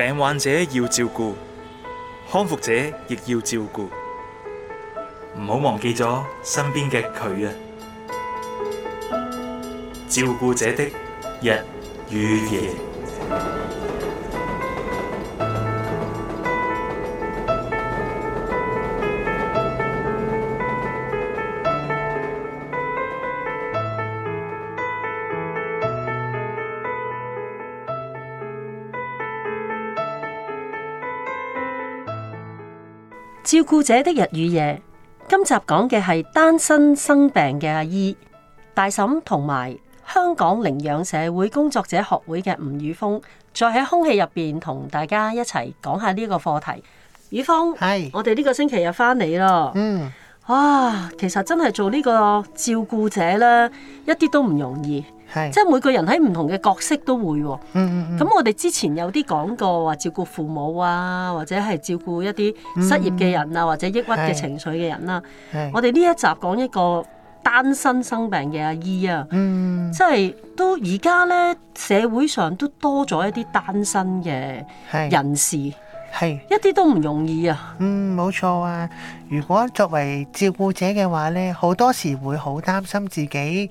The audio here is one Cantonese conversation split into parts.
病患者要照顧，康復者亦要照顧，唔好忘記咗身邊嘅佢啊！照顧者的日與夜。故者的日與夜，今集講嘅係單身生病嘅阿姨、大嬸同埋香港領養社會工作者學會嘅吳宇峰，再喺空氣入邊同大家一齊講下呢個課題。宇峰係，是我哋呢個星期日翻嚟咯。嗯，啊，其實真係做呢個照顧者啦，一啲都唔容易。是即係每個人喺唔同嘅角色都會喎，咁我哋之前有啲講過話照顧父母啊，或者係照顧一啲失業嘅人啊，嗯、或者抑鬱嘅情緒嘅人啦、啊。嗯、我哋呢一集講一個單身生病嘅阿姨啊，即係、嗯、都而家呢，社會上都多咗一啲單身嘅人士，係、嗯嗯、一啲都唔容易啊。嗯，冇錯啊。如果作為照顧者嘅話呢，好多時會好擔心自己，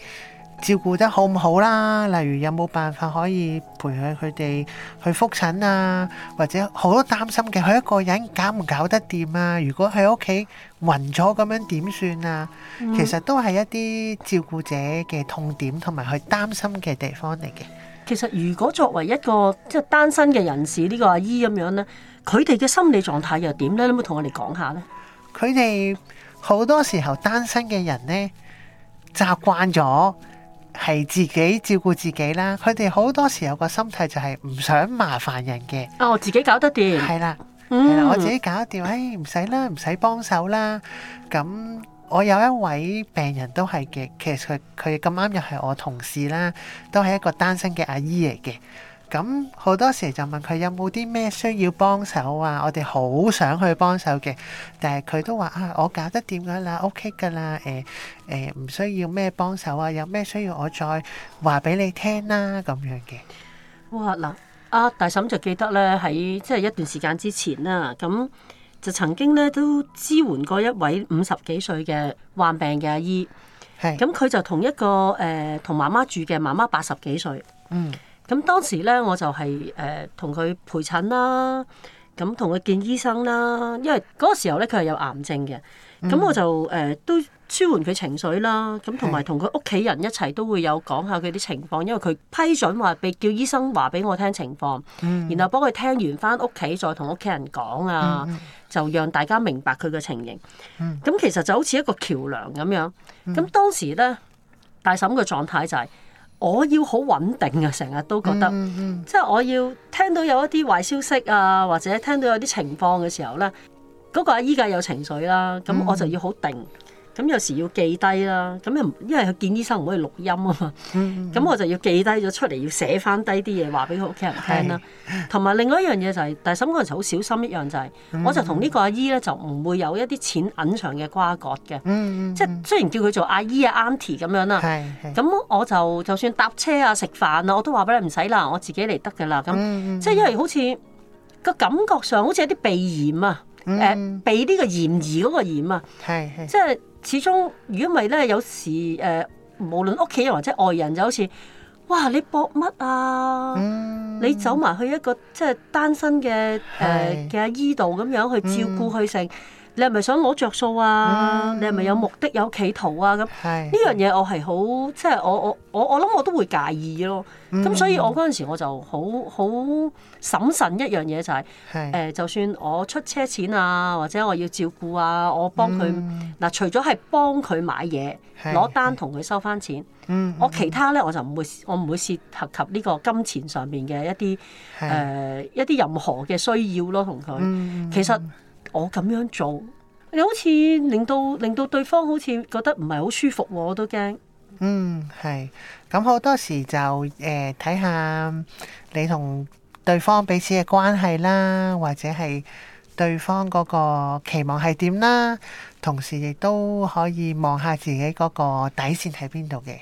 照顧得好唔好啦？例如有冇辦法可以陪佢佢哋去覆診啊？或者好多擔心嘅，佢一個人搞唔搞得掂啊？如果喺屋企暈咗咁樣點算啊？其實都係一啲照顧者嘅痛點同埋佢擔心嘅地方嚟嘅、嗯。其實如果作為一個即係、就是、單身嘅人士，呢、這個阿姨咁樣咧，佢哋嘅心理狀態又點咧？有冇同我哋講下咧？佢哋好多時候單身嘅人咧，習慣咗。係自己照顧自己啦，佢哋好多時有個心態就係唔想麻煩人嘅。哦，自己搞得掂，係啦，嗯、係啦，我自己搞得掂，哎，唔使啦，唔使幫手啦。咁我有一位病人都係嘅，其實佢佢咁啱又係我同事啦，都係一個單身嘅阿姨嚟嘅。咁好多時就問佢有冇啲咩需要幫手啊？我哋好想去幫手嘅，但係佢都話啊，我搞得掂㗎啦，OK 㗎啦，誒、欸、誒，唔、欸、需要咩幫手啊，有咩需要我再話俾你聽、啊、啦，咁樣嘅。哇！嗱、啊，阿大嬸就記得咧，喺即係一段時間之前啦，咁就曾經咧都支援過一位五十幾歲嘅患病嘅阿姨，係咁佢就同一個誒同、呃、媽媽住嘅媽媽八十幾歲，嗯。咁當時咧，我就係誒同佢陪診啦，咁同佢見醫生啦。因為嗰個時候咧，佢係有癌症嘅。咁、嗯、我就誒、呃、都舒緩佢情緒啦，咁同埋同佢屋企人一齊都會有講下佢啲情況，因為佢批准話俾叫醫生話俾我聽情況，嗯、然後幫佢聽完返屋企再同屋企人講啊，嗯嗯、就讓大家明白佢嘅情形。咁、嗯、其實就好似一個橋梁咁樣。咁當時咧，大嬸嘅狀態就係、是。我要好穩定啊！成日都覺得，mm hmm. 即係我要聽到有一啲壞消息啊，或者聽到有啲情況嘅時候咧，嗰、嗰個依家有情緒啦、啊，咁我就要好定。咁有時要記低啦，咁又因為佢見醫生唔可以錄音啊嘛，咁、嗯嗯嗯、我就要記低咗出嚟，要寫翻低啲嘢話俾佢屋企人聽啦。同埋另外一樣嘢就係、是，大三個時好小心一樣就係、是，我就同呢個阿姨咧就唔會有一啲錢隱藏嘅瓜葛嘅，即係、嗯嗯嗯、雖然叫佢做阿姨啊、Auntie 咁樣啦，咁我就就算搭車啊、食飯啊，我都話俾你唔使啦，我自己嚟得噶啦，咁即係因為好似個感覺上好似有啲避嫌啊，誒避呢個嫌疑嗰個嫌啊，即、嗯、係。始終如果唔係咧，有時誒、呃，無論屋企人或者外人，就好似，哇！你搏乜啊？嗯、你走埋去一個即係單身嘅誒嘅阿姨度咁樣去照顧佢成、嗯。你係咪想攞着數啊？嗯、你係咪有目的有企圖啊？咁呢樣嘢我係好即係我我我我諗我都會介意咯。咁所以我嗰陣時我就好好審慎一樣嘢就係、是、誒、嗯呃，就算我出車錢啊，或者我要照顧啊，我幫佢嗱、嗯呃，除咗係幫佢買嘢攞、嗯、單同佢收翻錢，嗯嗯、我其他咧我就唔會我唔會涉及及呢個金錢上面嘅一啲誒、嗯呃、一啲任何嘅需要咯，同佢其實。我咁樣做，你好似令到令到對方好似覺得唔係好舒服，我都驚。嗯，係，咁好多時就誒睇下你同對方彼此嘅關係啦，或者係對方嗰個期望係點啦，同時亦都可以望下自己嗰個底線喺邊度嘅。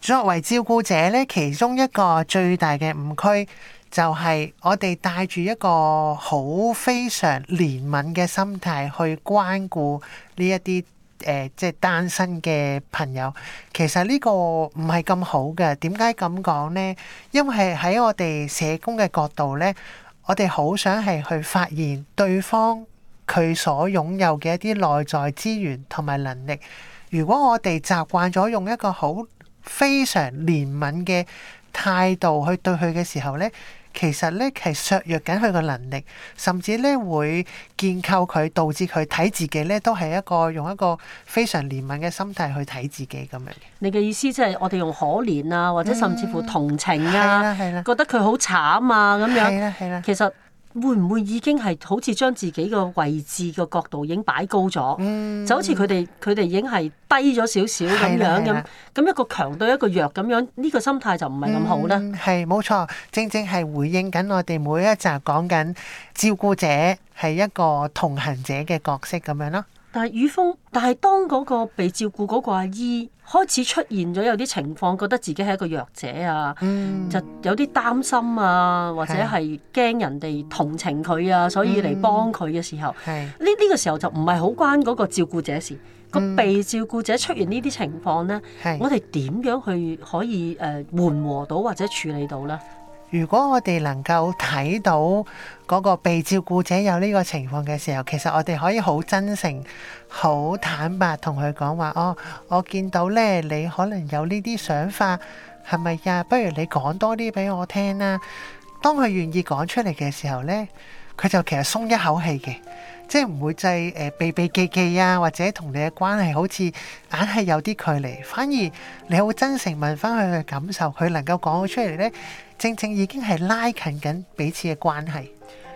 作為照顧者咧，其中一個最大嘅誤區。就係我哋帶住一個好非常憐憫嘅心態去關顧呢一啲誒即係單身嘅朋友。其實呢個唔係咁好嘅。點解咁講呢？因為喺我哋社工嘅角度咧，我哋好想係去發現對方佢所擁有嘅一啲內在資源同埋能力。如果我哋習慣咗用一個好非常憐憫嘅態度去對佢嘅時候咧，其實咧係削弱緊佢個能力，甚至咧會建構佢，導致佢睇自己咧都係一個用一個非常憐憫嘅心態去睇自己咁樣。你嘅意思即係我哋用可憐啊，或者甚至乎同情啊，嗯、係啦係啦，覺得佢好慘啊咁樣。係啦係啦，其實。會唔會已經係好似將自己個位置個角度已經擺高咗，嗯、就好似佢哋佢哋已經係低咗少少咁樣咁，咁的一個強對一個弱咁樣，呢、呢個心態就唔係咁好咧。係冇錯，正正係回應緊我哋每一集講緊照顧者係一個同行者嘅角色咁樣咯。但係雨峰，但係當嗰個被照顧嗰個阿姨開始出現咗有啲情況，覺得自己係一個弱者啊，嗯、就有啲擔心啊，或者係驚人哋同情佢啊，所以嚟幫佢嘅時候，呢呢、嗯、個時候就唔係好關嗰個照顧者事，嗯、個被照顧者出現呢啲情況咧，嗯、我哋點樣去可以誒緩和到或者處理到咧？如果我哋能夠睇到嗰個被照顧者有呢個情況嘅時候，其實我哋可以好真誠、好坦白同佢講話。哦，我見到咧，你可能有呢啲想法，係咪呀？不如你講多啲俾我聽啦。當佢願意講出嚟嘅時候呢，佢就其實鬆一口氣嘅，即係唔會就係誒避避忌忌啊，或者同你嘅關係好似硬係有啲距離。反而你好真誠問翻佢嘅感受，佢能夠講到出嚟呢。正正已經係拉近緊彼此嘅關係。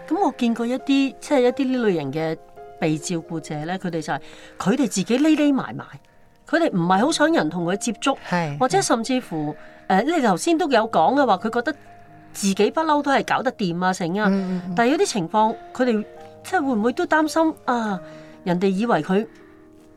咁我見過一啲，即係一啲呢類型嘅被照顧者咧，佢哋就係佢哋自己匿匿埋埋，佢哋唔係好想人同佢接觸，是或者甚至乎誒、呃，你頭先都有講嘅話，佢覺得自己不嬲都係搞得掂啊，成啊。嗯嗯、但係有啲情況，佢哋即係會唔會都擔心啊？人哋以為佢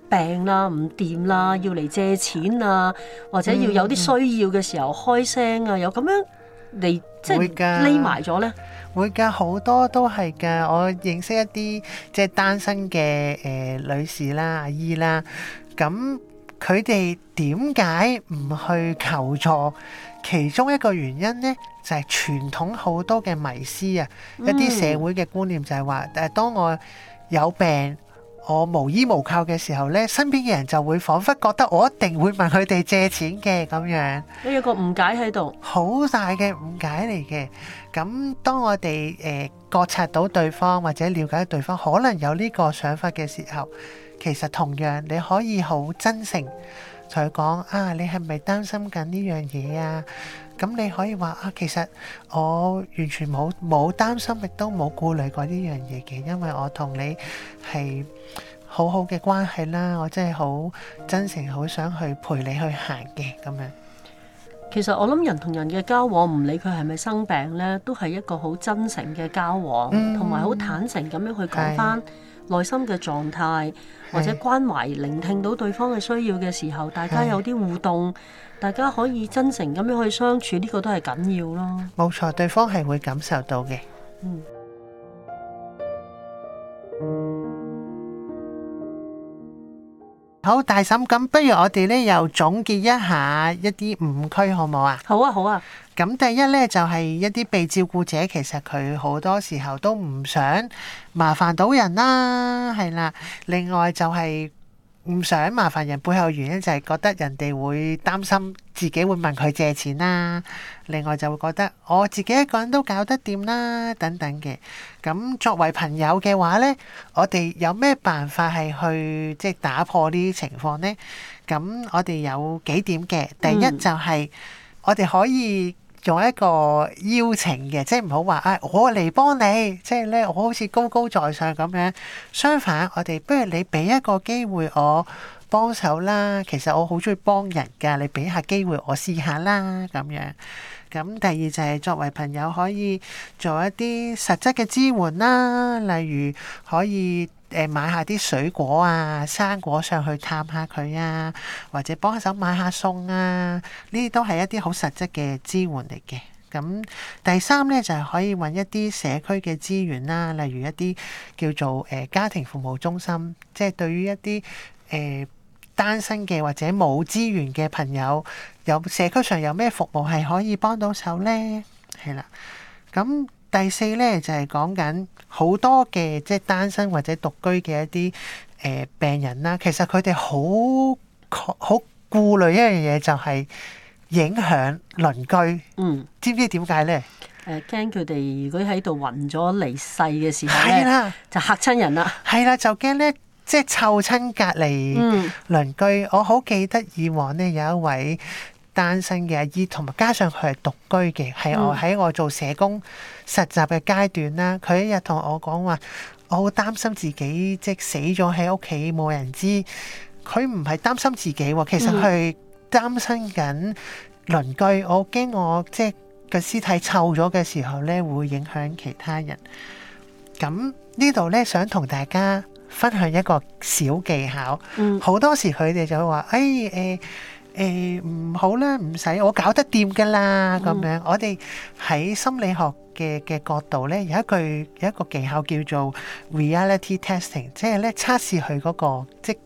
病啦、唔掂啦，要嚟借錢啊，或者要有啲需要嘅時候開聲啊，有咁樣。嗯嗯你即係匿埋咗咧？會㗎，好多都係㗎，我認識一啲即係單身嘅誒、呃、女士啦、阿姨啦，咁佢哋點解唔去求助？其中一個原因咧，就係、是、傳統好多嘅迷思啊，一啲社會嘅觀念就係話誒，當我有病，我無依無靠嘅時候呢，身邊嘅人就會彷彿覺得我一定會問佢哋借錢嘅咁樣。你有個誤解喺度，好大嘅誤解嚟嘅。咁當我哋誒覺察到對方或者了解對方可能有呢個想法嘅時候，其實同樣你可以好真誠同佢講啊，你係咪擔心緊呢樣嘢啊？咁你可以話啊，其實我完全冇冇擔心，亦都冇顧慮過呢樣嘢嘅，因為我同你係好好嘅關係啦。我真係好真誠，好想去陪你去行嘅咁樣。其實我諗人同人嘅交往，唔理佢係咪生病咧，都係一個好真誠嘅交往，同埋好坦誠咁樣去講返。內心嘅狀態，或者關懷是聆聽到對方嘅需要嘅時候，大家有啲互動，是大家可以真誠咁樣去相處，呢、這個都係緊要咯。冇錯，對方係會感受到嘅。嗯。好，大嬸，咁不如我哋咧又總結一下一啲誤區，好唔好啊？好啊，好啊。咁第一咧就係一啲被照顧者，其實佢好多時候都唔想麻煩到人啦，係啦。另外就係唔想麻煩人，背後原因就係覺得人哋會擔心。自己會問佢借錢啦，另外就會覺得我自己一個人都搞得掂啦，等等嘅。咁作為朋友嘅話咧，我哋有咩辦法係去即係打破呢啲情況咧？咁我哋有幾點嘅？第一就係我哋可以用一個邀請嘅，嗯、即係唔好話啊我嚟幫你，即係咧我好似高高在上咁樣。相反，我哋不如你俾一個機會我。幫手啦，其實我好中意幫人㗎，你俾下機會我試下啦咁樣。咁第二就係作為朋友可以做一啲實質嘅支援啦，例如可以誒、呃、買下啲水果啊、生果上去探下佢啊，或者幫手買下餸啊，呢啲都係一啲好實質嘅支援嚟嘅。咁第三咧就係、是、可以揾一啲社區嘅資源啦，例如一啲叫做誒、呃、家庭服務中心，即係對於一啲誒。呃單身嘅或者冇資源嘅朋友，有社區上有咩服務係可以幫到手呢？係啦，咁第四呢，就係講緊好多嘅即係單身或者獨居嘅一啲誒、呃、病人啦。其實佢哋好好顧慮一樣嘢，就係影響鄰居。嗯，知唔知點解呢？誒，驚佢哋如果喺度暈咗離世嘅時候咧，就嚇親人啦。係啦，就驚呢。即係湊親隔籬鄰居，嗯、我好記得以往咧，有一位單身嘅阿姨，同埋加上佢係獨居嘅，係我喺我做社工實習嘅階段啦。佢、嗯、一日同我講話，我好擔心自己即係死咗喺屋企冇人知。佢唔係擔心自己，其實佢擔心緊鄰居。我驚我即係個屍體臭咗嘅時候咧，會影響其他人。咁呢度咧，想同大家，分享一個小技巧，好、嗯、多時佢哋就會話：誒誒誒，唔、欸欸、好啦，唔使，我搞得掂噶啦咁樣。嗯、我哋喺心理學嘅嘅角度咧，有一句有一個技巧叫做 reality testing，即係咧測試佢嗰、嗰個即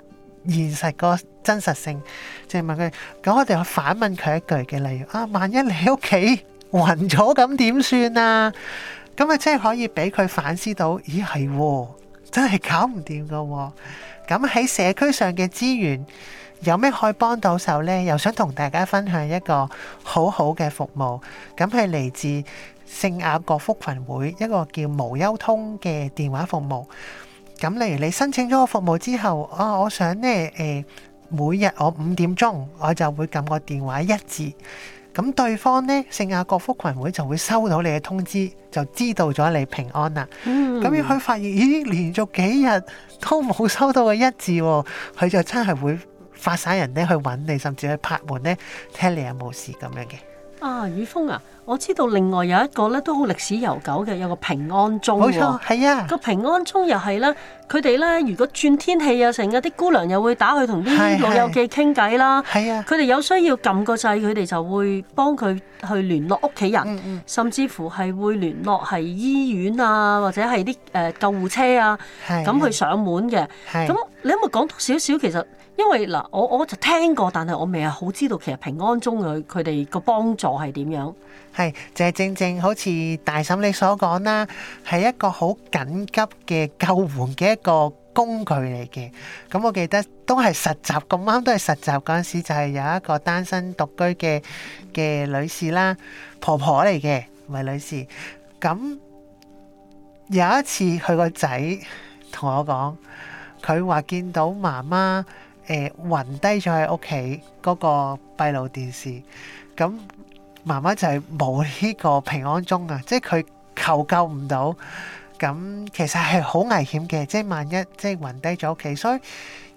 現實嗰個真實性。就係、問佢：咁我哋反問佢一句嘅，例如啊，萬一你喺屋企暈咗咁點算啊？咁啊，即係可以俾佢反思到，咦係。真係搞唔掂噶，咁喺社區上嘅資源有咩可以幫到手呢？又想同大家分享一個好好嘅服務，咁係嚟自聖雅各福群會一個叫無憂通嘅電話服務。咁例如你申請咗個服務之後，啊，我想咧，誒，每日我五點鐘我就會撳個電話一字。咁對方咧，聖雅各福群會就會收到你嘅通知，就知道咗你平安啦。咁佢果發現，咦，連續幾日都冇收到嘅一字，佢就真係會發散人咧去揾你，甚至去拍門咧，聽你有冇事咁樣嘅。啊，雨風啊！我知道另外有一個咧，都好歷史悠久嘅，有個平安鐘。哦。冇錯，係啊。個平安鐘又係啦，佢哋咧，如果轉天氣啊，成日啲姑娘又會打去同啲老友記傾偈啦。係啊是。佢哋有需要撳個掣，佢哋就會幫佢去聯絡屋企人，嗯嗯甚至乎係會聯絡係醫院啊，或者係啲誒救護車啊，咁去、啊、上門嘅。係是。咁你有冇可講多少少？其實因為嗱，我我就聽過，但係我未係好知道其實平安鐘佢佢哋個幫助係點樣。係，就係、是、正正好似大嬸你所講啦，係一個好緊急嘅救援嘅一個工具嚟嘅。咁我記得都係實習，咁啱都係實習嗰陣時，就係、是、有一個單身獨居嘅嘅女士啦，婆婆嚟嘅，唔係女士。咁有一次佢個仔同我講，佢話見到媽媽誒暈、呃、低咗喺屋企嗰個閉路電視，咁。媽媽就係冇呢個平安鐘啊，即係佢求救唔到，咁其實係好危險嘅，即係萬一即係暈低咗屋企，所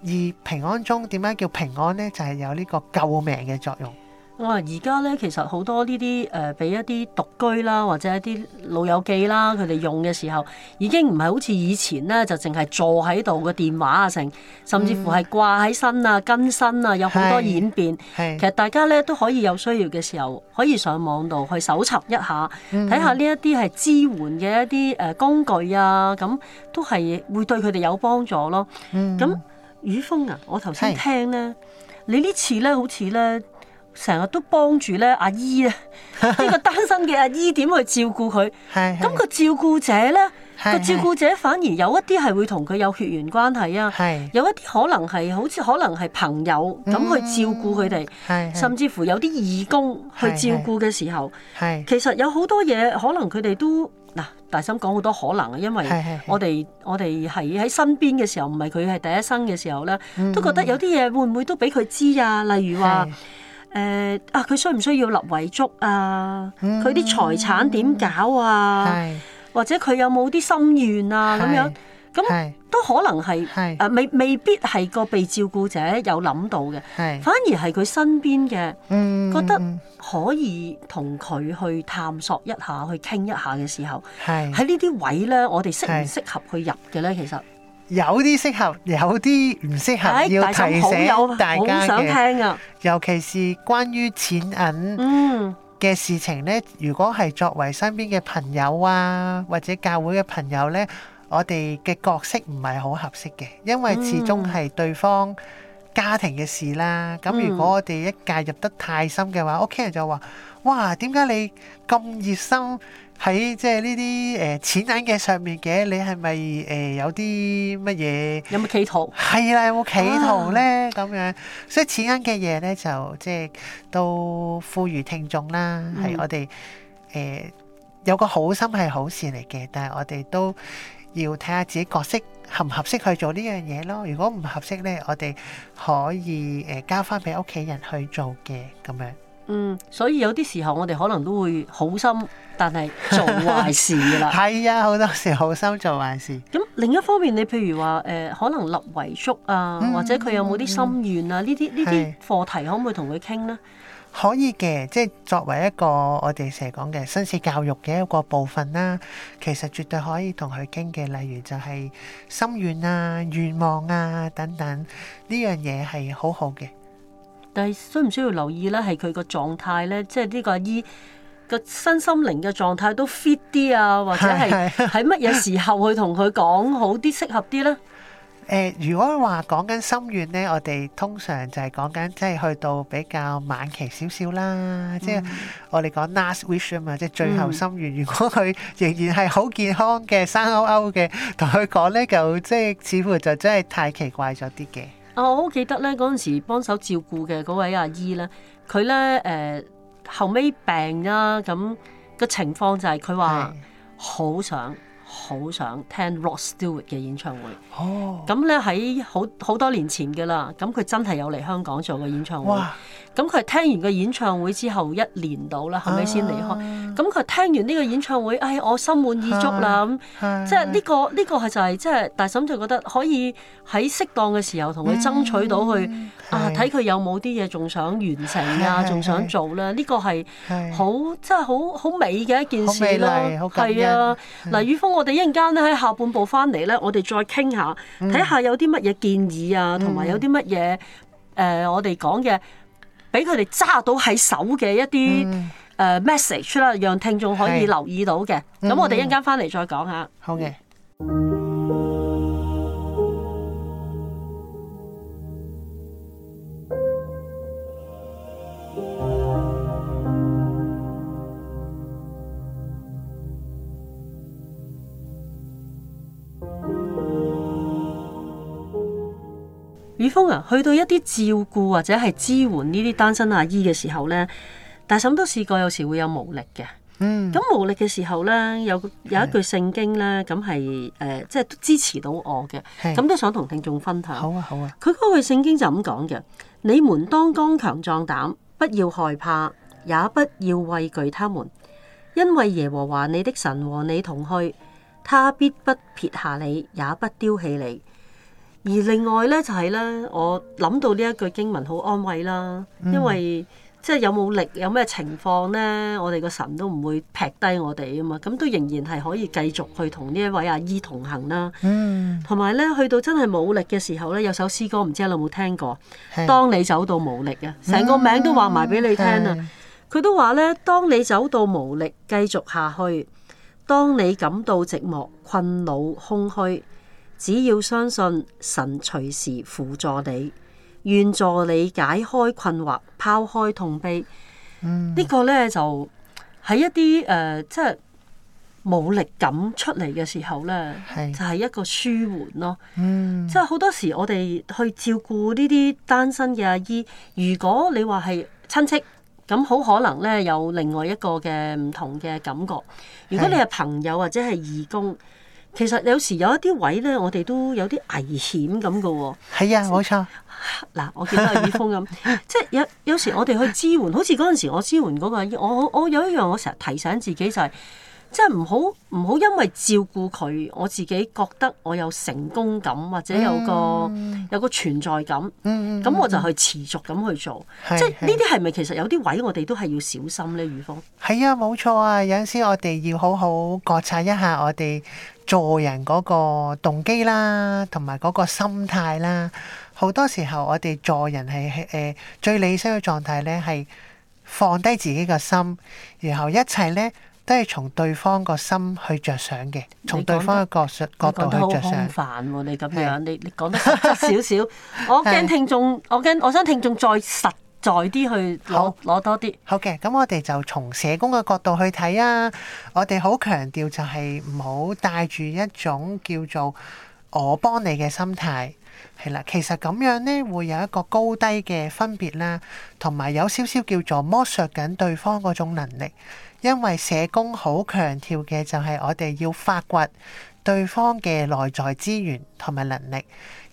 以而平安鐘點解叫平安咧？就係、是、有呢個救命嘅作用。哇，而家咧，其實好多呢啲誒俾一啲獨居啦，或者一啲老友記啦，佢哋用嘅時候，已經唔係好似以前咧，就淨係坐喺度個電話啊，成甚至乎係掛喺身啊、更新啊，有好多演變。嗯、其實大家咧都可以有需要嘅時候，可以上網度去搜尋一下，睇下呢一啲係支援嘅一啲誒工具啊，咁都係會對佢哋有幫助咯。嗯，咁雨風啊，我頭先聽咧，是你次呢次咧好似咧。成日都幫住咧阿姨咧，呢個單身嘅阿姨點去照顧佢？咁個照顧者咧，個照顧者反而有一啲係會同佢有血緣關係啊，有一啲可能係好似可能係朋友咁去照顧佢哋，甚至乎有啲義工去照顧嘅時候，其實有好多嘢可能佢哋都嗱，大聲講好多可能啊，因為我哋我哋係喺身邊嘅時候，唔係佢係第一生嘅時候咧，都覺得有啲嘢會唔會都俾佢知啊？例如話。誒、呃、啊！佢需唔需要立遺囑啊？佢啲財產點搞啊？嗯、或者佢有冇啲心願啊？咁是樣咁是都可能係誒是、啊，未未必係個被照顧者有諗到嘅，是反而係佢身邊嘅、嗯、覺得可以同佢去探索一下，去傾一下嘅時候，喺是是呢啲位咧，我哋適唔適合去入嘅咧？其實。有啲適合，有啲唔適合，要提醒大家嘅。尤其是關於錢銀嘅事情咧，嗯、如果係作為身邊嘅朋友啊，或者教會嘅朋友咧，我哋嘅角色唔係好合適嘅，因為始終係對方家庭嘅事啦。咁、嗯、如果我哋一介入得太深嘅話，屋企人就話：哇，點解你咁熱心？喺即係呢啲誒錢銀嘅上面嘅，你係咪誒有啲乜嘢？有冇企圖？係啦，有冇企圖咧？咁、啊、樣，所以錢銀嘅嘢咧，就即係都呼籲聽眾啦，係、嗯、我哋誒、呃、有個好心係好事嚟嘅，但係我哋都要睇下自己角色合唔合適去做呢樣嘢咯。如果唔合適咧，我哋可以誒交返俾屋企人去做嘅咁樣。嗯，所以有啲時候我哋可能都會好心，但係做壞事㗎喇。係 啊，好多時好心做壞事。咁另一方面，你譬如話誒、呃，可能立遺囑啊，或者佢有冇啲心願啊？呢啲呢啲課題可唔可以同佢傾呢？可以嘅，即係作為一個我哋成日講嘅紳士教育嘅一個部分啦。其實絕對可以同佢傾嘅，例如就係心願啊、願望啊等等呢樣嘢係好好嘅。但係需唔需要留意咧？係佢個狀態咧，即係呢個阿姨個身心靈嘅狀態都 fit 啲啊，或者係喺乜嘢時候去同佢講好啲，適合啲咧？誒、 呃，如果話講緊心願咧，我哋通常就係講緊即係去到比較晚期少少啦，嗯、即係我哋講 last wish 啊嘛，即係最後心願。如果佢仍然係好健康嘅、生勾勾嘅，同佢講咧，就即係似乎就真係太奇怪咗啲嘅。啊！我好記得咧，嗰陣時幫手照顧嘅嗰位阿姨咧，佢咧，誒後尾病啦，咁個情況就係佢話好想好想聽 Rod Stewart 嘅演唱會。哦，咁咧喺好好多年前嘅啦，咁佢真係有嚟香港做過演唱會。咁佢聽完個演唱會之後一年到啦，後尾先離開？咁佢聽完呢個演唱會，哎，我心滿意足啦咁，即係呢個呢個係就係即係大嬸就覺得可以喺適當嘅時候同佢爭取到去啊，睇佢有冇啲嘢仲想完成啊，仲想做咧？呢個係好即係好好美嘅一件事咯，係啊！嗱，宇峰，我哋一陣間咧喺下半部翻嚟咧，我哋再傾下，睇下有啲乜嘢建議啊，同埋有啲乜嘢誒，我哋講嘅。俾佢哋揸到喺手嘅一啲誒 message 啦，嗯、讓聽眾可以留意到嘅。咁是我哋一陣間翻嚟再講下。好嘅。雨峰啊，去到一啲照顧或者係支援呢啲單身阿姨嘅時候呢，大嬸都試過有時會有無力嘅。咁、嗯、無力嘅時候呢，有有一句聖經呢，咁係誒，即係支持到我嘅，咁都是、嗯、想同聽眾分享。好啊，好啊。佢嗰句聖經就咁講嘅：你們當剛強壯膽，不要害怕，也不要畏懼他們，因為耶和華你的神和你同去，他必不撇下你，也不丟棄你。而另外咧就係、是、咧，我諗到呢一句經文好安慰啦，因為、嗯、即係有冇力有咩情況咧，我哋個神都唔會劈低我哋啊嘛，咁都仍然係可以繼續去同呢一位阿姨同行啦。同埋咧去到真係冇力嘅時候咧，有首詩歌唔知你有冇聽過，是當你走到無力、嗯、啊，成個名都話埋俾你聽啦。佢都話咧，當你走到無力，繼續下去；當你感到寂寞、困惱、空虛。只要相信神隨時輔助你，願助你解開困惑、拋開痛悲。嗯、個呢個咧就喺一啲誒、呃，即係冇力感出嚟嘅時候咧，是就係一個舒緩咯。即係好多時我哋去照顧呢啲單身嘅阿姨，如果你話係親戚，咁好可能咧有另外一個嘅唔同嘅感覺。如果你係朋友或者係義工。是嗯其實有時有一啲位咧，我哋都有啲危險咁嘅喎。係啊，冇錯。嗱 ，我見阿雨風咁，即係有有時我哋去支援，好似嗰陣時我支援嗰、那個，我我有一樣我成日提醒自己就係、是。即係唔好唔好，因為照顧佢，我自己覺得我有成功感，或者有個、嗯、有個存在感。咁、嗯、我就去持續咁去做。是即係呢啲係咪其實有啲位我哋都係要小心咧？如風係啊，冇錯啊！有陣時我哋要好好覺察一下我哋助人嗰個動機啦，同埋嗰個心態啦。好多時候我哋助人係誒、呃、最理想嘅狀態咧，係放低自己嘅心，然後一切咧。都係從對方個心去着想嘅，從對方嘅角角度去着想。你講得好空泛喎，你咁樣，是你你講得實質少少。 我驚聽眾，我驚，我想聽眾再實在啲去攞好多啲。好嘅，咁我哋就從社工嘅角度去睇啊。我哋好強調就係唔好帶住一種叫做我幫你嘅心態，係啦。其實咁樣咧會有一個高低嘅分別啦，同埋有少少叫做剝削緊對方嗰種能力。因為社工好強調嘅就係我哋要發掘對方嘅內在資源同埋能力，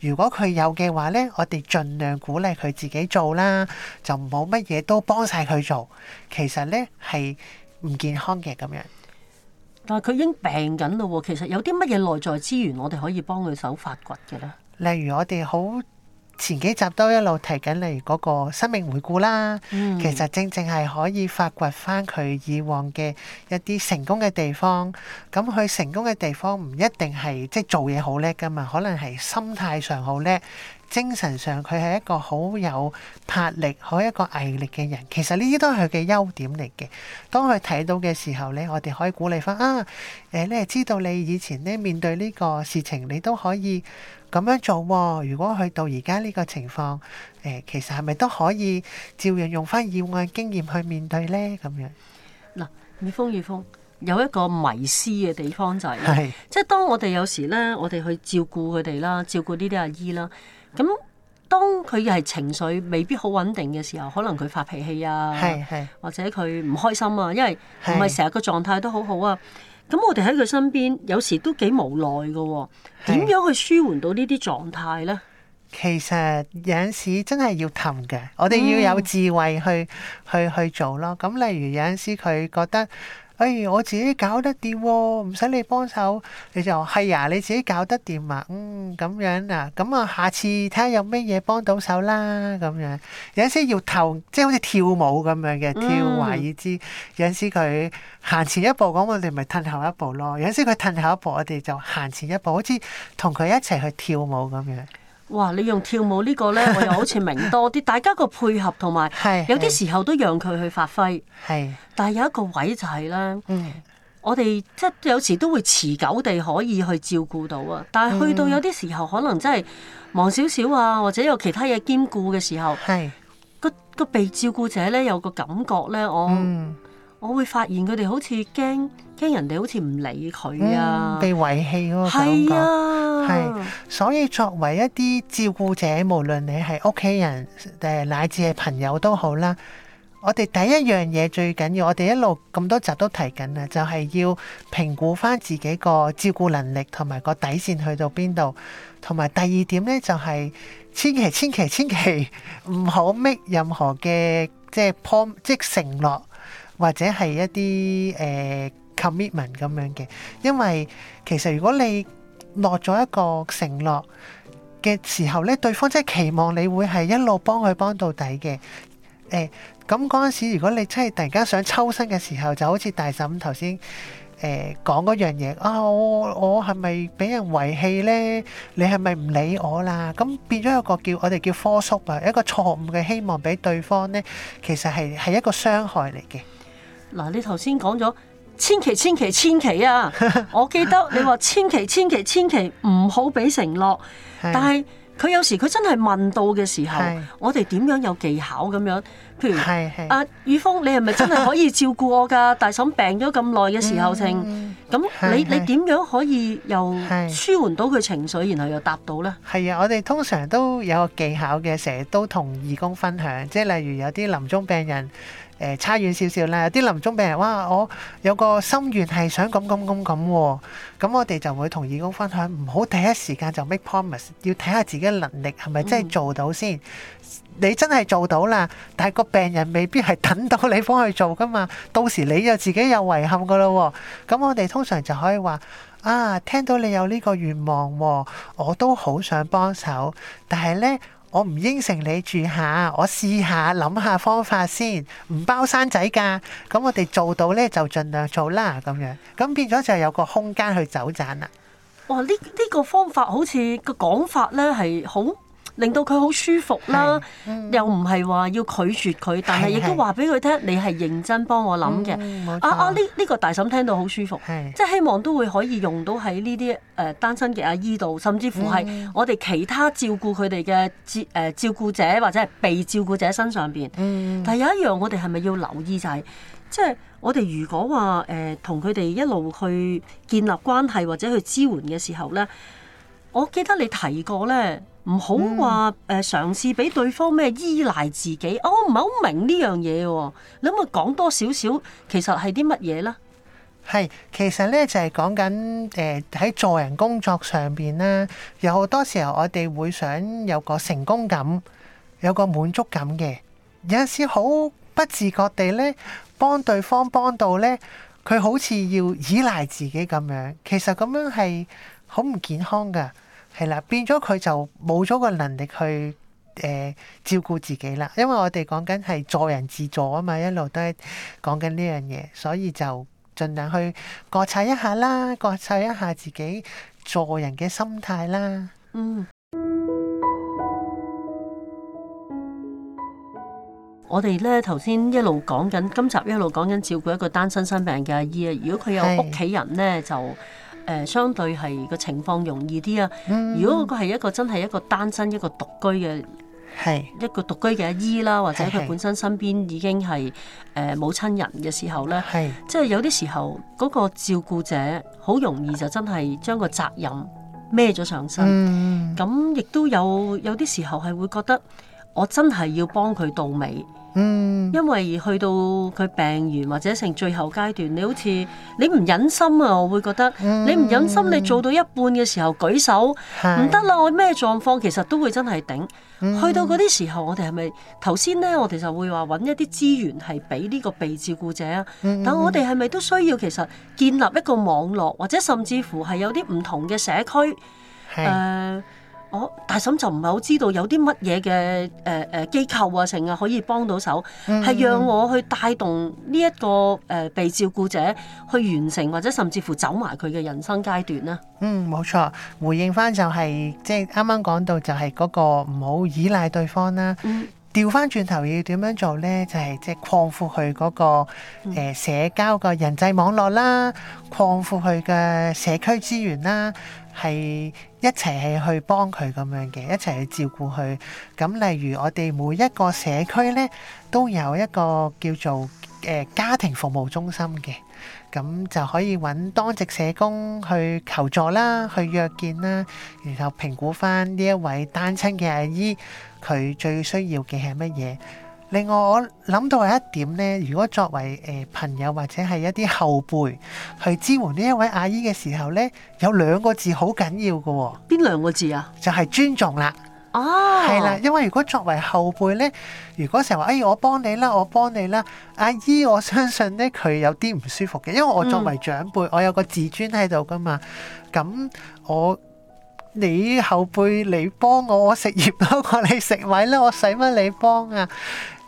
如果佢有嘅話咧，我哋盡量鼓勵佢自己做啦，就唔好乜嘢都幫晒佢做。其實咧係唔健康嘅咁樣。但係佢已經病緊咯，其實有啲乜嘢內在資源我哋可以幫佢手發掘嘅咧？例如我哋好。前幾集都一路提緊，例如嗰個生命回顧啦。嗯、其實正正係可以發掘翻佢以往嘅一啲成功嘅地方。咁佢成功嘅地方唔一定係即係做嘢好叻噶嘛，可能係心態上好叻。精神上佢係一個好有魄力、好一個毅力嘅人，其實呢啲都係佢嘅優點嚟嘅。當佢睇到嘅時候咧，我哋可以鼓勵翻啊！誒、欸，你係知道你以前咧面對呢個事情，你都可以咁樣做、哦。如果去到而家呢個情況，誒、欸，其實係咪都可以照樣用翻以往嘅經驗去面對咧？咁樣嗱，葉峰，葉峰有一個迷思嘅地方就係、是，是即係當我哋有時咧，我哋去照顧佢哋啦，照顧呢啲阿姨啦。咁，當佢係情緒未必好穩定嘅時候，可能佢發脾氣啊，是是或者佢唔開心啊，因為唔係成日個狀態都好好啊。咁是是我哋喺佢身邊，有時都幾無奈嘅、啊。點樣去舒緩到呢啲狀態咧？其實有陣時真係要氹嘅，我哋要有智慧去去、嗯、去做咯。咁例如有陣時佢覺得。哎，我自己搞得掂喎、哦，唔使你幫手。你就話係呀，你自己搞得掂啊，嗯咁樣啊。咁啊下次睇下有咩嘢幫到手啦咁樣。有陣時要投，即係好似跳舞咁樣嘅跳華爾滋，有陣時佢行前一步，咁我哋咪褪後一步咯。有陣時佢褪後一步，我哋就行前一步，好似同佢一齊去跳舞咁樣。哇！你用跳舞呢、這個咧，我又好似明多啲。 大家個配合同埋，有啲時候都讓佢去發揮。係，是是 但係有一個位就係、是、咧，嗯、我哋即係有時都會持久地可以去照顧到啊。但係去到有啲時候，可能真係忙少少啊，或者有其他嘢兼顧嘅時候，係是是 個個被照顧者咧有個感覺咧，我。嗯我會發現佢哋好似驚驚人哋好似唔理佢啊、嗯，被遺棄嘅感覺係啊，係。所以作為一啲照顧者，無論你係屋企人誒，乃至係朋友都好啦。我哋第一樣嘢最緊要，我哋一路咁多集都提緊啊，就係、是、要評估返自己個照顧能力同埋個底線去到邊度，同埋第二點咧就係、是、千祈千祈千祈唔好 make 任何嘅即係即承諾。或者係一啲誒、呃、commitment 咁樣嘅，因為其實如果你落咗一個承諾嘅時候咧，對方即係期望你會係一路幫佢幫到底嘅。誒咁嗰陣時，如果你真係突然間想抽身嘅時候，就好似大嬸頭先誒講嗰樣嘢啊，我我係咪俾人遺棄咧？你係咪唔理我啦？咁變咗一個叫我哋叫科叔啊，一個錯誤嘅希望俾對方咧，其實係係一個傷害嚟嘅。嗱，你頭先講咗千祈千祈千祈啊！我記得你話千祈千祈千祈唔好俾承諾，但係佢有時佢真係問到嘅時候，我哋點樣有技巧咁樣？譬如阿宇峰，你係咪真係可以照顧我㗎？大嬸病咗咁耐嘅時候，剩咁你你點樣可以又舒緩到佢情緒，然後又答到咧？係啊，我哋通常都有個技巧嘅，成日都同義工分享，即係例如有啲臨終病人。誒差遠少少啦，有啲臨終病人哇，我有個心願係想咁咁咁咁，咁、嗯嗯、我哋就會同義工分享，唔好第一時間就 make promise，要睇下自己嘅能力係咪真係做到先。你真係做到啦，但係個病人未必係等到你幫佢做噶嘛，到時你就自己有遺憾噶啦、啊。咁我哋通常就可以話啊，聽到你有呢個願望、啊，我都好想幫手，但係呢。我唔應承你住下，我試下諗下方法先，唔包生仔噶。咁我哋做到呢就盡量做啦，咁樣咁變咗就有個空間去走盞啦。哇！呢、呢、呢個方法好似個講法呢係好。令到佢好舒服啦，嗯、又唔係話要拒絕佢，但係亦都話俾佢聽，你係認真幫我諗嘅、嗯啊。啊啊，呢、呢、呢個大嬸聽到好舒服，是即係希望都會可以用到喺呢啲誒單身嘅阿姨度，甚至乎係我哋其他照顧佢哋嘅照誒照顧者或者係被照顧者身上邊。但係有一樣我哋係咪要留意就係、是，即係我哋如果話誒同佢哋一路去建立關係或者去支援嘅時候咧，我記得你提過咧。唔好話誒嘗試俾對方咩依賴自己，嗯、我唔係好明、啊、呢樣嘢喎，你可唔可以講多少少，其實係啲乜嘢啦？係其實咧就係講緊誒喺助人工作上邊啦，有好多時候我哋會想有個成功感，有個滿足感嘅，有陣時好不自覺地咧幫對方幫到咧，佢好似要依賴自己咁樣，其實咁樣係好唔健康噶。係啦，變咗佢就冇咗個能力去誒、呃、照顧自己啦，因為我哋講緊係助人自助啊嘛，一路都係講緊呢樣嘢，所以就盡量去覺察一下啦，覺察一下自己助人嘅心態啦。嗯，我哋咧頭先一路講緊，今集一路講緊照顧一個單身生病嘅阿姨啊，如果佢有屋企人咧是就。誒、呃，相對係個情況容易啲啊！嗯、如果佢係一個真係一個單身一個獨居嘅，係是一個獨居嘅阿姨啦，或者佢本身身邊已經係誒冇親人嘅時候咧，係是即係有啲時候嗰、那個照顧者好容易就真係將個責任孭咗上身，咁亦、嗯、都有有啲時候係會覺得我真係要幫佢到尾。嗯，因為去到佢病完或者成最後階段，你好似你唔忍心啊，我會覺得、嗯、你唔忍心，嗯、你做到一半嘅時候舉手唔得啦，我咩狀況？其實都會真係頂。嗯、去到嗰啲時候，我哋係咪頭先咧？我哋就會話揾一啲資源係俾呢個被照顧者啊。嗯嗯、但我哋係咪都需要其實建立一個網絡，或者甚至乎係有啲唔同嘅社區？係是。嗯我、哦、大嬸就唔係好知道有啲乜嘢嘅誒誒機構啊，成日可以幫到手，係、嗯、讓我去帶動呢、這、一個誒、呃、被照顧者去完成，或者甚至乎走埋佢嘅人生階段咧。嗯，冇錯，回應翻就係即係啱啱講到就係嗰個唔好依賴對方啦。調翻轉頭要點樣做咧？就係即係擴闊佢嗰個、嗯呃、社交嘅人際網絡啦，擴闊佢嘅社區資源啦，係。一齊係去幫佢咁樣嘅，一齊去照顧佢。咁例如我哋每一個社區咧，都有一個叫做誒、呃、家庭服務中心嘅，咁就可以搵當值社工去求助啦，去約見啦，然後評估返呢一位單親嘅阿姨佢最需要嘅係乜嘢。另外，我諗到有一點咧，如果作為誒朋友或者係一啲後輩去支援呢一位阿姨嘅時候咧，有兩個字好緊要嘅喎。邊兩個字啊？就係尊重啦。啊，係啦，因為如果作為後輩咧，如果成日話誒我幫你啦，我幫你啦，阿姨，我相信咧佢有啲唔舒服嘅，因為我作為長輩，我有個自尊喺度噶嘛。咁我你後輩你幫我，我食鹽多過你食米啦，我使乜你幫啊？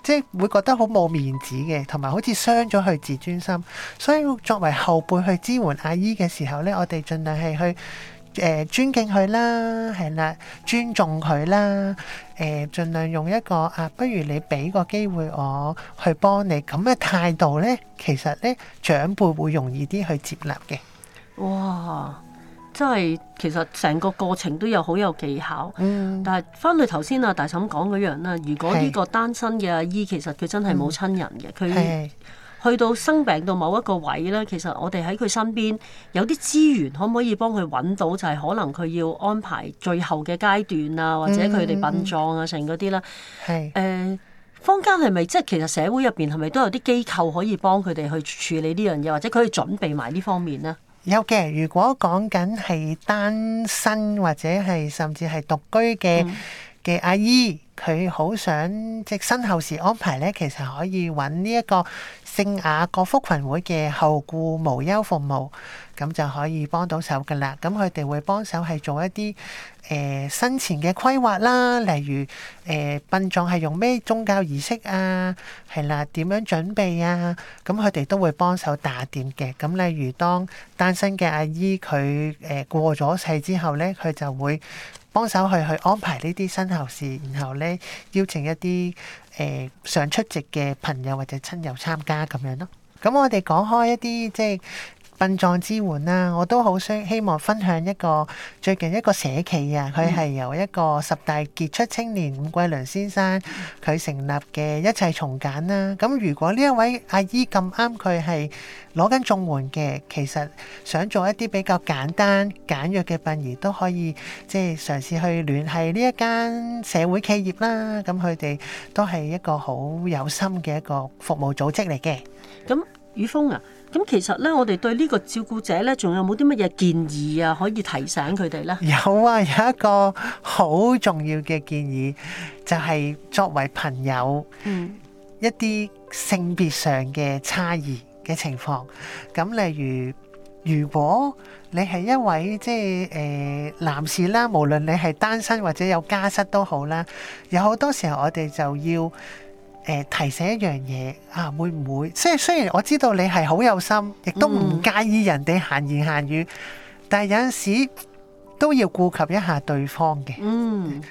即係會覺得好冇面子嘅，同埋好似傷咗佢自尊心，所以作為後輩去支援阿姨嘅時候咧，我哋盡量係去誒、呃、尊敬佢啦，係啦，尊重佢啦，誒、呃、盡量用一個啊，不如你俾個機會我去幫你咁嘅態度咧，其實咧長輩會容易啲去接納嘅。哇！真係，其實成個過程都有好有技巧。嗯、但係翻去頭先阿大嬸講嗰樣啦，如果呢個單身嘅阿姨是其實佢真係冇親人嘅，佢、嗯、去到生病到某一個位咧，其實我哋喺佢身邊有啲資源，可唔可以幫佢揾到？就係、是、可能佢要安排最後嘅階段啊，或者佢哋殯葬啊，嗯、成嗰啲啦。係是。誒、呃，坊間係咪即係其實社會入邊係咪都有啲機構可以幫佢哋去處理呢樣嘢，或者佢去準備埋呢方面咧？有嘅，如果講緊係單身或者係甚至係獨居嘅嘅、嗯、阿姨，佢好想即身後事安排咧，其實可以揾呢一個聖雅各福群會嘅後顧無憂服務，咁就可以幫到手㗎喇。咁佢哋會幫手係做一啲，誒、呃、生前嘅規劃啦，例如誒殯葬係用咩宗教儀式啊？係啦，點樣準備啊？咁佢哋都會幫手打點嘅。咁例如當單身嘅阿姨佢誒過咗世之後咧，佢就會幫手去去安排呢啲身後事，然後咧邀請一啲誒想出席嘅朋友或者親友參加咁樣咯。咁、嗯、我哋講開一啲即係。殯葬支援啦，我都好希希望分享一個最近一個社企啊，佢係由一個十大傑出青年伍桂良先生佢成立嘅一切從簡啦，啊。咁如果呢一位阿姨咁啱佢係攞緊綜援嘅，其實想做一啲比較簡單簡約嘅殯儀都可以，即係嘗試去聯繫呢一間社會企業啦。咁佢哋都係一個好有心嘅一個服務組織嚟嘅。咁宇峰啊！咁其實咧，我哋對呢個照顧者咧，仲有冇啲乜嘢建議啊？可以提醒佢哋咧？有啊，有一個好重要嘅建議，就係作為朋友，嗯，一啲性別上嘅差異嘅情況。咁例如，如果你係一位，即係誒男士啦，無論你係單身或者有家室都好啦，有好多時候我哋就要。呃、提醒一樣嘢啊，會唔會？所以雖然我知道你係好有心，亦都唔介意人哋閒言閒語，但係有陣時都要顧及一下對方嘅。嗯，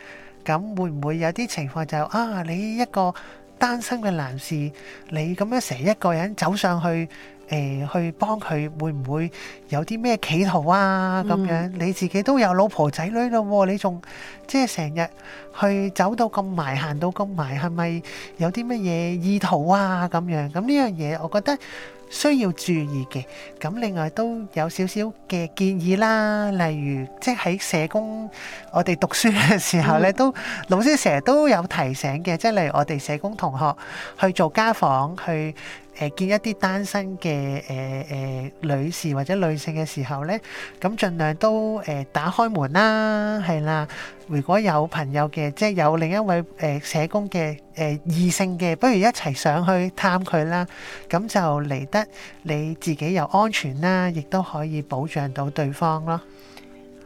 咁、嗯、會唔會有啲情況就係、啊？你一個單身嘅男士，你咁樣成一個人走上去？誒，去幫佢會唔會有啲咩企圖啊？咁樣你自己都有老婆仔女咯，你仲即係成日去走到咁埋，行到咁埋，係咪有啲乜嘢意圖啊？咁樣，咁呢樣嘢，我覺得需要注意嘅。咁另外都有少少嘅建議啦，例如即係喺社工我哋讀書嘅時候咧，都老師成日都有提醒嘅，即係例如我哋社工同學去做家訪去。誒見一啲單身嘅誒誒女士或者女性嘅時候咧，咁盡量都誒、呃、打開門啦，係啦。如果有朋友嘅，即係有另一位誒、呃、社工嘅誒、呃、異性嘅，不如一齊上去探佢啦。咁就嚟得你自己又安全啦，亦都可以保障到對方咯。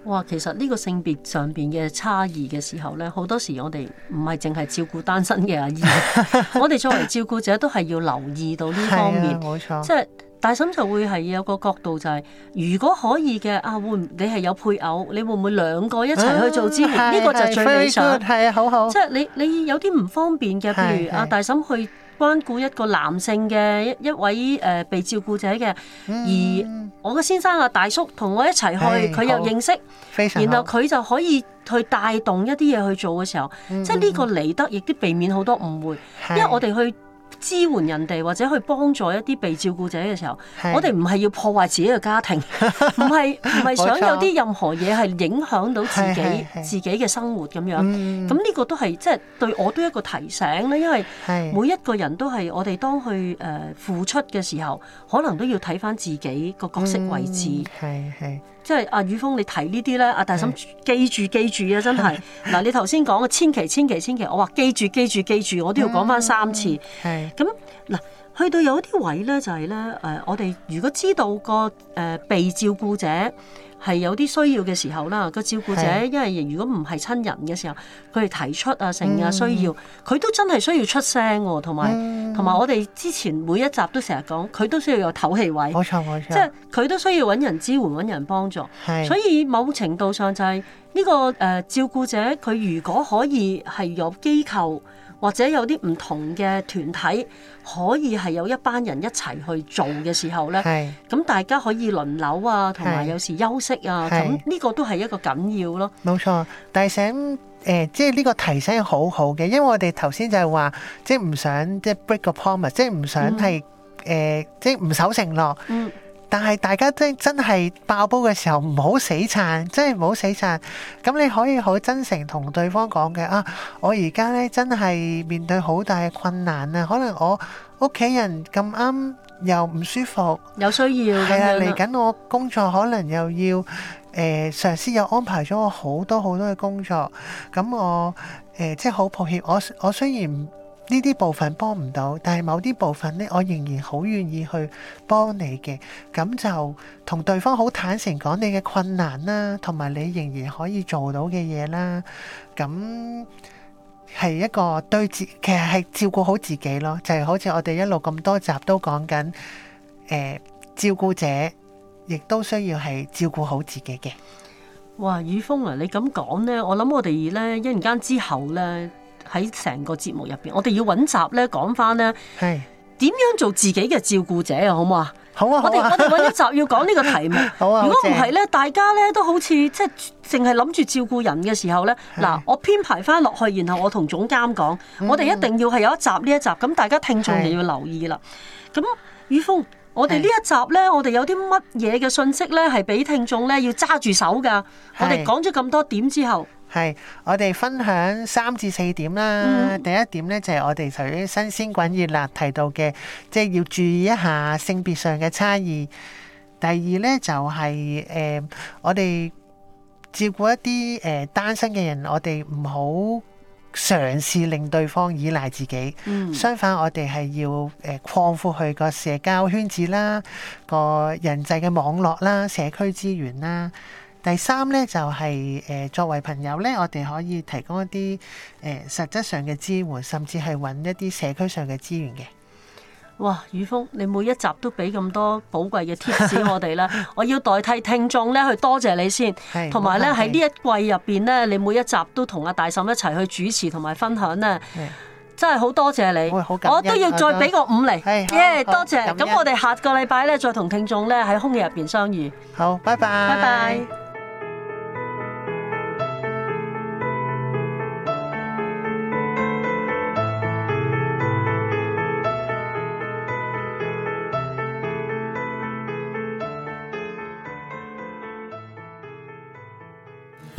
哇，其實呢個性別上邊嘅差異嘅時候咧，好多時我哋唔係淨係照顧單身嘅阿姨， 我哋作為照顧者都係要留意到呢方面，冇、 啊、錯。即係大嬸就會係有個角度就係、是，如果可以嘅啊，會你係有配偶，你會唔會兩個一齊去做支援？呢、嗯、個就係最理想，係 啊，好好。即係你你有啲唔方便嘅，譬如阿大嬸去。關顧一個男性嘅一一位誒、呃、被照顧者嘅，嗯、而我嘅先生啊大叔同我一齊去，佢又是認識，然後佢就可以去帶動一啲嘢去做嘅時候，嗯、即係呢個嚟得亦都避免好多誤會，是因為我哋去。支援人哋或者去幫助一啲被照顧者嘅時候，是我哋唔係要破壞自己嘅家庭，唔係唔係想有啲任何嘢係影響到自己 係係係自己嘅生活咁樣，咁呢 是個都係即係對我都一個提醒咧，因為每一個人都係我哋當去誒、呃、付出嘅時候，可能都要睇翻自己個角色位置。係 即係阿宇峰，你提呢啲咧，阿大嬸記住記住啊！真係嗱， 你頭先講嘅千祈千祈千祈，我話記住記住記住，我都要講翻三次。係咁嗱，去到有啲位咧，就係咧誒，我哋如果知道個誒、呃、被照顧者係有啲需要嘅時候啦，個照顧者是因為如果唔係親人嘅時候，佢哋提出啊成日需要，佢、嗯、都真係需要出聲喎、啊，同埋、嗯。同埋我哋之前每一集都成日講，佢都需要有唞氣位，冇錯錯，冇錯，即係佢都需要揾人支援，揾人幫助，是所以某程度上就係、是、呢、這個誒、呃、照顧者，佢如果可以係有機構或者有啲唔同嘅團體可以係有一班人一齊去做嘅時候咧，咁是大家可以輪流啊，同埋有，有時休息啊，咁呢個都係一個緊要咯，冇錯，但係想。誒，即係呢個提醒好好嘅，因為我哋頭先就係話，即係唔想 a promise、嗯、即係 break 個 promise，即係唔想係誒，即係唔守承諾。嗯、但係大家真真係爆煲嘅時候，唔好死撐，即係唔好死撐。咁你可以好真誠同對方講嘅啊，我而家咧真係面對好大嘅困難啊，可能我屋企人咁啱又唔舒服，有需要係啊，嚟緊咁樣我工作可能又要。誒上司又安排咗我好多好多嘅工作，咁我誒、呃、即係好抱歉，我我雖然呢啲部分幫唔到，但係某啲部分咧，我仍然好願意去幫你嘅。咁就同對方好坦誠講你嘅困難啦，同埋你仍然可以做到嘅嘢啦。咁係一個對自，其實係照顧好自己咯，就係、是、好似我哋一路咁多集都講緊誒照顧者。亦都需要係照顧好自己嘅。哇，宇峰啊，你咁講咧，我諗我哋咧一陣間之後咧，喺成個節目入邊，我哋要揾集咧講翻咧，係點是樣做自己嘅照顧者啊？好唔好啊？好啊！我哋我哋揾一集要講呢個題目。 好啊！如果唔係咧，大家咧都好似即係淨係諗住照顧人嘅時候咧，嗱是，我編排翻落去，然後我同總監講，嗯、我哋一定要係有一集呢一集，咁大家聽眾就要留意啦。咁是，宇峰。我哋呢一集呢，我哋有啲乜嘢嘅信息呢，係俾聽眾呢要揸住手㗎。我哋講咗咁多點之後，係我哋分享三至四點啦。第一點呢就係我哋頭先新鮮滾熱辣提到嘅，即係要注意一下性別上嘅差異。第二呢就係誒，我哋照顧一啲誒單身嘅人，我哋唔好嘗試令對方依賴自己。相反，我哋係要誒擴寬佢個社交圈子啦，個人際嘅網絡啦，社區資源啦。第三咧就係、是、誒作為朋友咧，我哋可以提供一啲誒實質上嘅支援，甚至係揾一啲社區上嘅資源嘅。哇，宇峰，你每一集都俾咁多寶貴嘅 tips 我哋啦，我要代替聽眾咧去多謝你先，同埋咧喺呢一季入邊咧，你每一集都同阿大嬸一齊去主持同埋分享啊，真係好多謝你，我都要再俾個五嚟，耶，多謝，咁我哋下個禮拜咧再同聽眾咧喺空氣入邊相遇，好，拜拜，拜拜。